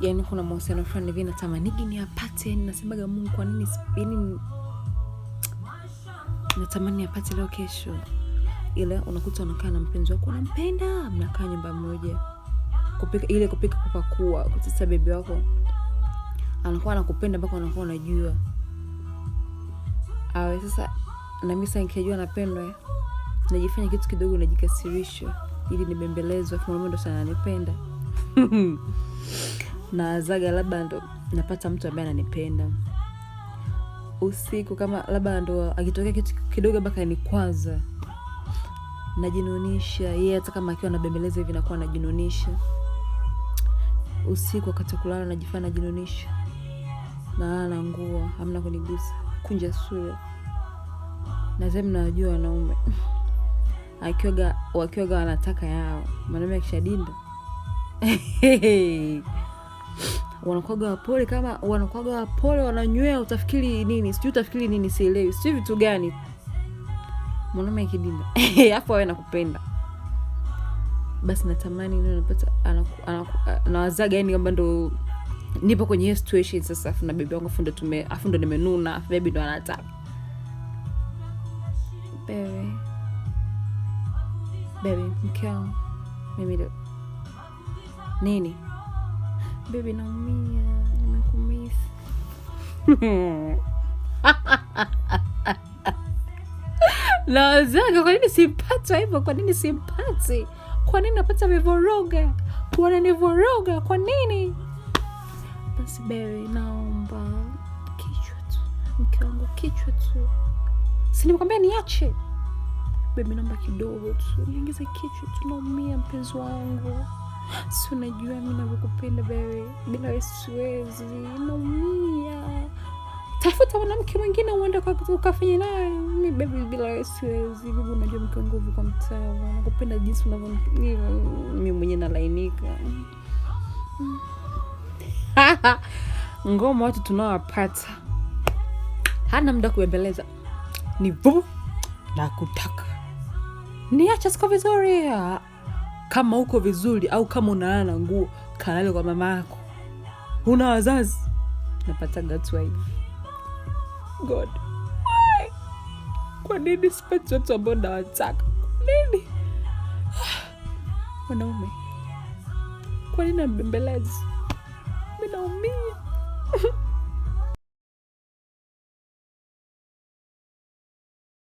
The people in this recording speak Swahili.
yani kuna mahusiano fulani hivi natamanigi ni apate, nasemaga mungu kwa nini yani natamani apate leo kesho ila unakuta unakaa na mpenzi wako unampenda mnakaa nyumba moja kupika ile kupika kupakua kutisa bebe wako anakuwa anakupenda mpaka anakuwa unajua awe sasa nami sasa nikijua napendwa najifanya kitu kidogo najikasirisha ili nibembelezwa kimwambia ndo sana ananipenda zaga labda ndo napata mtu ambaye ananipenda usiku, kama labda ndo akitokea kitu kidogo mpaka kwanza najinunisha yeye. Hata kama akiwa anabembeleza hivi, nakuwa najinunisha usiku. Wakati kulala, najifanya najinunisha, nalala na nguo, hamna kunigusa, kunja sura. Nadhani mnawajua wanaume akiwaga wakiwaga wanataka yao, mwanaume akishadinda wanakuwaga wapole, kama wanakuaga wapole, wananywea, utafikiri nini? Sijui utafikiri nini, sielewi, sijui vitu gani. Mwanaume kidinda hapo awe nakupenda basi, natamani napata nawazaga, yani kwamba ndo nipo kwenye hiyo situation sasa, afu na bebi wangu afu ndo tume afu ndo nimenuna, bebi ndo anataka bebe bebe mkeo mimi nini Baby, naumia, nimekumisi. Na wenzangu, kwa nini simpati hivyo? Kwa nini simpati? Kwa nini napata vivoroga? Wananivoroga kwa nini? Basi baby, naomba kichwa tu, mke wangu, kichwa tu. Si nimekwambia niache? Baby, naomba kidogo tu, niingize kichwa tu, naumia mpenzi wangu si unajua mimi nakupenda wewe, bila wewe siwezi, naumia. Tafuta mwanamke mwingine uende ukafanye naye. Mimi baby, bila wewe siwezi. Bibi, unajua mke wangu kwa mtaa, nakupenda jinsi unavyo, mimi mwenye nalainika. Ngoma watu tunawapata, hana muda kuembeleza, ni vuvu na kutaka niacha siko vizuri kama uko vizuri au kama unalala na nguo, kalale kwa mama yako. Huna wazazi, napataga tu hivi. God, why? Kwa nini sipati watu ambao nawataka? Nini mwanaume, kwa nini ambembelezi? minaumia